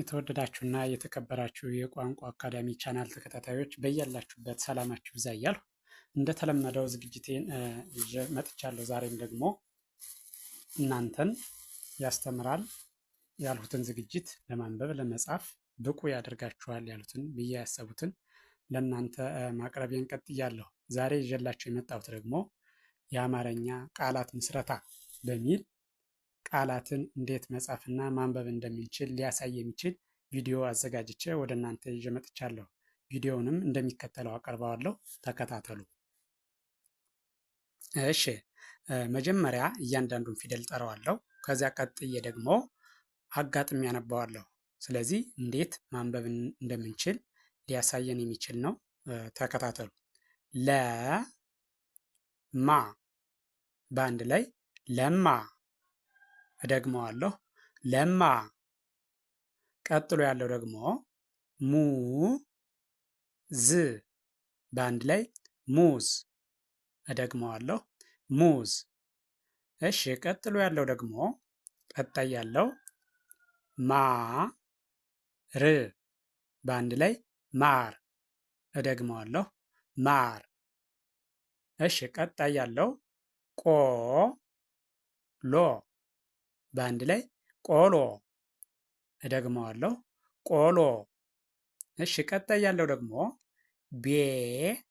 የተወደዳችሁና የተከበራችሁ የቋንቋ አካዳሚ ቻናል ተከታታዮች በያላችሁበት ሰላማችሁ ብዛ እያልሁ እንደተለመደው ዝግጅቴን ይዤ መጥቻለሁ። ዛሬም ደግሞ እናንተን ያስተምራል ያልሁትን ዝግጅት ለማንበብ ለመጻፍ ብቁ ያደርጋችኋል ያሉትን ብዬ ያሰቡትን ለእናንተ ማቅረቤን ቀጥያለሁ። ዛሬ ይዤላችሁ የመጣሁት ደግሞ የአማርኛ ቃላት ምስረታ በሚል ቃላትን እንዴት መጻፍና ማንበብ እንደምንችል ሊያሳይ የሚችል ቪዲዮ አዘጋጅቼ ወደ እናንተ ይዤ መጥቻለሁ። ቪዲዮውንም እንደሚከተለው አቀርበዋለሁ፣ ተከታተሉ። እሺ፣ መጀመሪያ እያንዳንዱን ፊደል ጠረዋለሁ። ከዚያ ቀጥዬ ደግሞ አጋጥሚ ያነባዋለሁ። ስለዚህ እንዴት ማንበብ እንደምንችል ሊያሳየን የሚችል ነው። ተከታተሉ። ለማ በአንድ ላይ ለማ እደግመዋለሁ ለማ። ቀጥሎ ያለው ደግሞ ሙ ዝ በአንድ ላይ ሙዝ። እደግመዋለሁ ሙዝ። እሺ፣ ቀጥሎ ያለው ደግሞ ቀጣይ ያለው ማ ር በአንድ ላይ ማር። እደግመዋለሁ ማር። እሺ፣ ቀጣይ ያለው ቆ ሎ በአንድ ላይ ቆሎ። እደግመዋለሁ ቆሎ። እሺ፣ ቀጣይ ያለው ደግሞ ቤት፣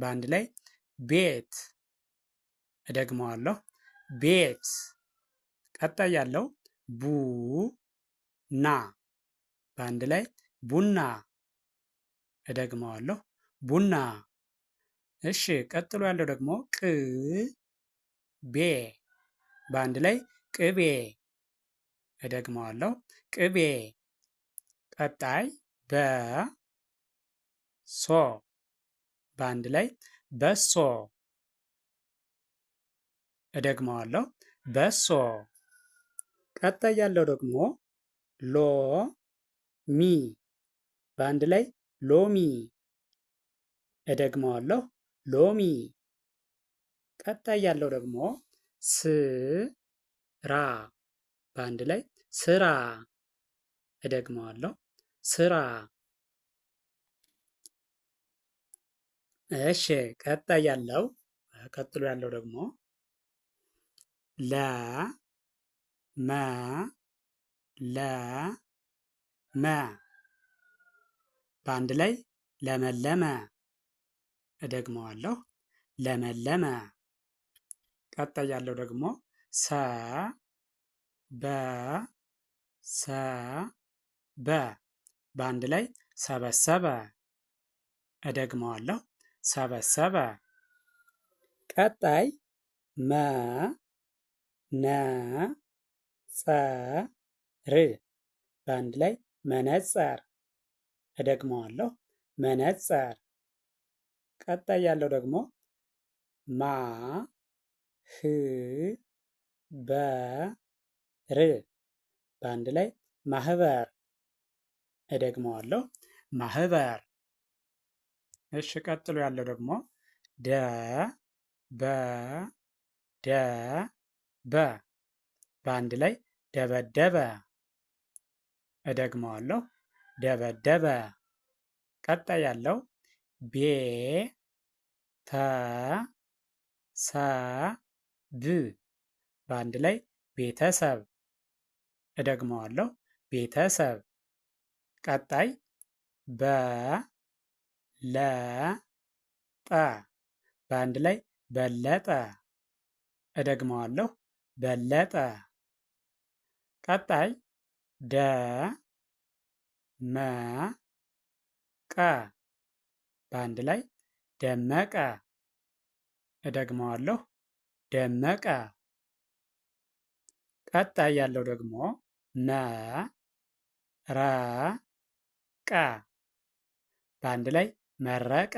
በአንድ ላይ ቤት። እደግመዋለሁ ቤት። ቀጣይ ያለው ቡ ና፣ በአንድ ላይ ቡና። እደግመዋለሁ ቡና። እሺ፣ ቀጥሎ ያለው ደግሞ ቅ ቤ በአንድ ላይ ቅቤ። እደግመዋለሁ፣ ቅቤ። ቀጣይ በ ሶ በአንድ ላይ በሶ። እደግመዋለሁ፣ በሶ። ቀጣይ ያለው ደግሞ ሎ ሚ በአንድ ላይ ሎሚ። እደግመዋለሁ፣ ሎሚ። ቀጣይ ያለው ደግሞ ስራ በአንድ ላይ ስራ። እደግመዋለሁ ስራ። እሺ ቀጣይ ያለው ቀጥሎ ያለው ደግሞ ለ መ ለ መ በአንድ ላይ ለመለመ። እደግመዋለሁ ለመለመ ቀጣይ ያለው ደግሞ ሰ በ ሰ በ በአንድ ላይ ሰበሰበ። እደግመዋለሁ ሰበሰበ። ቀጣይ መ ነ ጸ ር በአንድ ላይ መነጸር። እደግመዋለሁ መነጸር። ቀጣይ ያለው ደግሞ ማ ህ በ ር በአንድ ላይ ማህበር። እደግመዋለሁ ማህበር። እሺ ቀጥሎ ያለው ደግሞ ደ በ ደ በ በአንድ ላይ ደበደበ። እደግመዋለሁ ደበደበ። ቀጣይ ያለው ቤ ተ ሰ ብ በአንድ ላይ ቤተሰብ። እደግመዋለሁ ቤተሰብ። ቀጣይ በ ለ ጠ በአንድ ላይ በለጠ። እደግመዋለሁ በለጠ። ቀጣይ ደ መ ቀ በአንድ ላይ ደመቀ። እደግመዋለሁ ደመቀ። ቀጣይ ያለው ደግሞ መ ረ ቀ በአንድ ላይ መረቀ።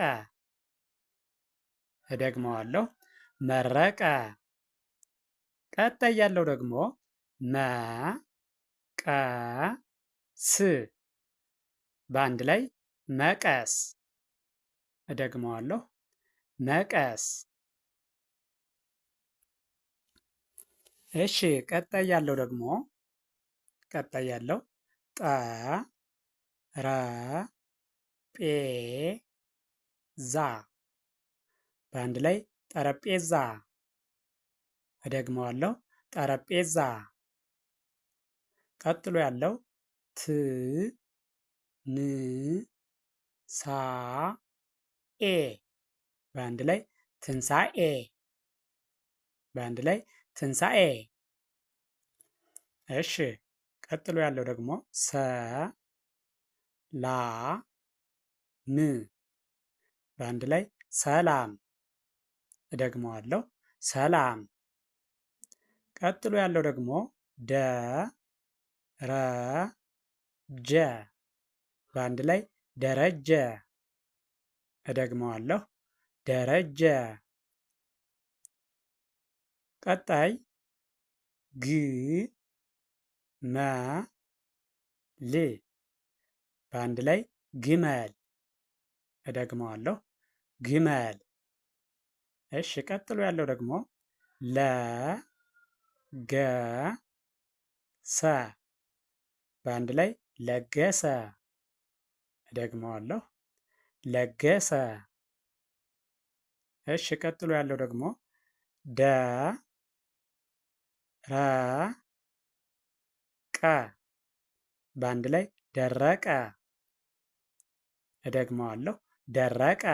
እደግመዋለሁ መረቀ። ቀጣይ ያለው ደግሞ መ ቀ ስ በአንድ ላይ መቀስ። እደግመዋለሁ መቀስ። እሺ ቀጣይ ያለው ደግሞ ቀጣይ ያለው ጠ ረ ጴ ዛ በአንድ ላይ ጠረጴዛ። እደግመዋለሁ ጠረጴዛ። ቀጥሎ ያለው ት ን ሳ ኤ በአንድ ላይ ትንሳኤ። በአንድ ላይ ትንሣኤ። እሺ ቀጥሎ ያለው ደግሞ ሰ ላ ም በአንድ ላይ ሰላም። እደግመዋለሁ ሰላም። ቀጥሎ ያለው ደግሞ ደ ረ ጀ በአንድ ላይ ደረጀ። እደግመዋለሁ ደረጀ። ቀጣይ ግ መ ል በአንድ ላይ ግመል። እደግመዋለሁ ግመል። እሺ፣ ቀጥሎ ያለው ደግሞ ለ ገ ሰ በአንድ ላይ ለገሰ። እደግመዋለሁ ለገሰ። እሺ፣ ቀጥሎ ያለው ደግሞ ደ ረቀ በአንድ ላይ ደረቀ። እደግመዋለሁ፣ ደረቀ።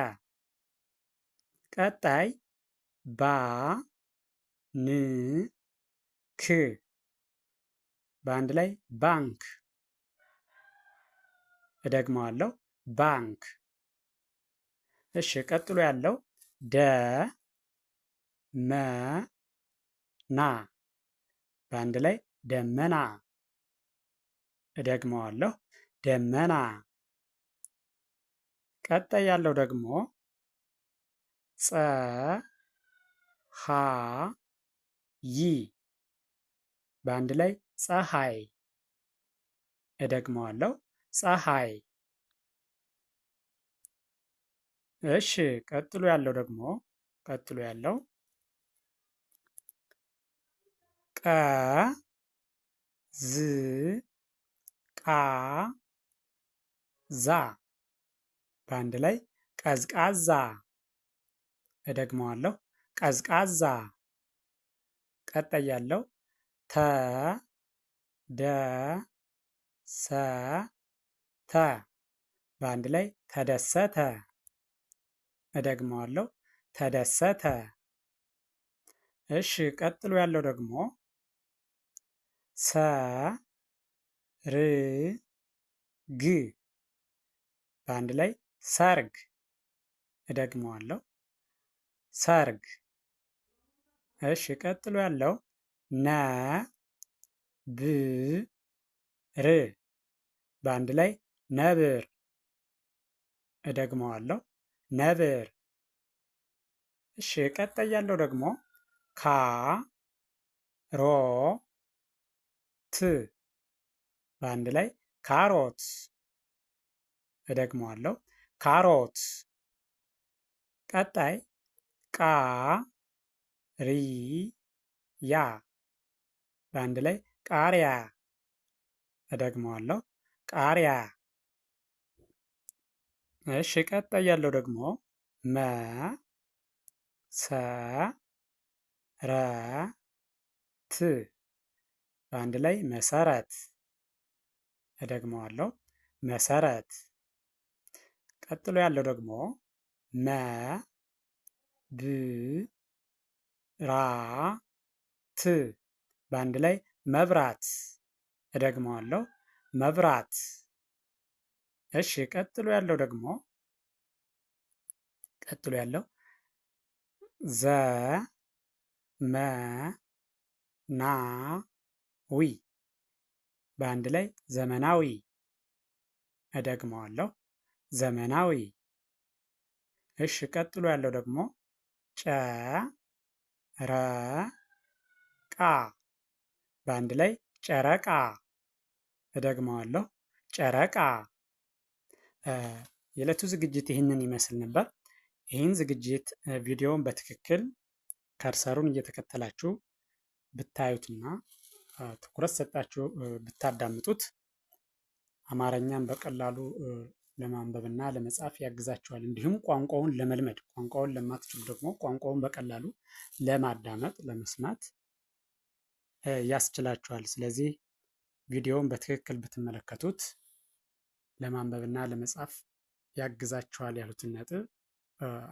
ቀጣይ ባ ን ክ በአንድ ላይ ባንክ። እደግመዋለሁ፣ ባንክ። እሺ፣ ቀጥሎ ያለው ደ መ ና በአንድ ላይ ደመና። እደግመዋለሁ፣ ደመና። ቀጣይ ያለው ደግሞ ይ በአንድ ላይ ፀሐይ። እደግመዋለሁ፣ ፀሐይ። እሺ፣ ቀጥሎ ያለው ደግሞ ቀጥሎ ያለው ከ ዝ ቃ ዛ በአንድ ላይ ቀዝቃዛ። እደግመዋለሁ፣ ቀዝቃዛ። ቀጣይ ያለው ተ ደ ሰ ተ በአንድ ላይ ተደሰተ። እደግመዋለሁ፣ ተደሰተ። እሺ፣ ቀጥሎ ያለው ደግሞ ሰ ር ግ በአንድ ላይ ሰርግ። እደግመዋለሁ ሰርግ። እሺ፣ ቀጥሎ ያለው ነ ብ ር በአንድ ላይ ነብር። እደግመዋለሁ ነብር። እሺ፣ ቀጣይ ያለው ደግሞ ካ ሮ በአንድ ላይ ካሮት። እደግመዋለሁ ካሮት። ቀጣይ ቃ ሪ ያ በአንድ ላይ ቃሪያ። እደግመዋለሁ ቃሪያ። እሺ ቀጣይ ያለው ደግሞ መ ሰ ረ ት በአንድ ላይ መሰረት። እደግመዋለሁ፣ መሰረት። ቀጥሎ ያለው ደግሞ መ ብ ራ ት በአንድ ላይ መብራት። እደግመዋለሁ፣ መብራት። እሺ፣ ቀጥሎ ያለው ደግሞ ቀጥሎ ያለው ዘ መ ና ዊ በአንድ ላይ ዘመናዊ። እደግመዋለሁ ዘመናዊ። እሺ፣ ቀጥሎ ያለው ደግሞ ጨረቃ በአንድ ላይ ጨረቃ። እደግመዋለሁ ጨረቃ። የዕለቱ ዝግጅት ይህንን ይመስል ነበር። ይህን ዝግጅት ቪዲዮውን በትክክል ከርሰሩን እየተከተላችሁ ብታዩትና ትኩረት ሰጣችሁ ብታዳምጡት አማርኛን በቀላሉ ለማንበብና ለመጻፍ ያግዛችኋል። እንዲሁም ቋንቋውን ለመልመድ ቋንቋውን ለማትችሉ ደግሞ ቋንቋውን በቀላሉ ለማዳመጥ ለመስማት ያስችላችኋል። ስለዚህ ቪዲዮውን በትክክል ብትመለከቱት ለማንበብና ለመጻፍ ያግዛችኋል ያሉትን ነጥብ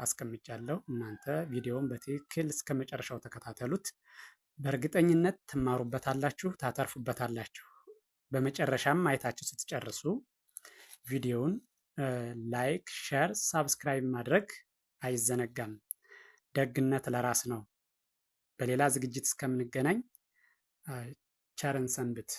አስቀምጫለሁ። እናንተ ቪዲዮውን በትክክል እስከ መጨረሻው ተከታተሉት። በእርግጠኝነት ትማሩበታላችሁ፣ ታተርፉበታላችሁ። በመጨረሻም አይታችሁ ስትጨርሱ ቪዲዮውን ላይክ፣ ሸር ሳብስክራይብ ማድረግ አይዘነጋም። ደግነት ለራስ ነው። በሌላ ዝግጅት እስከምንገናኝ ቸርን ሰንብት።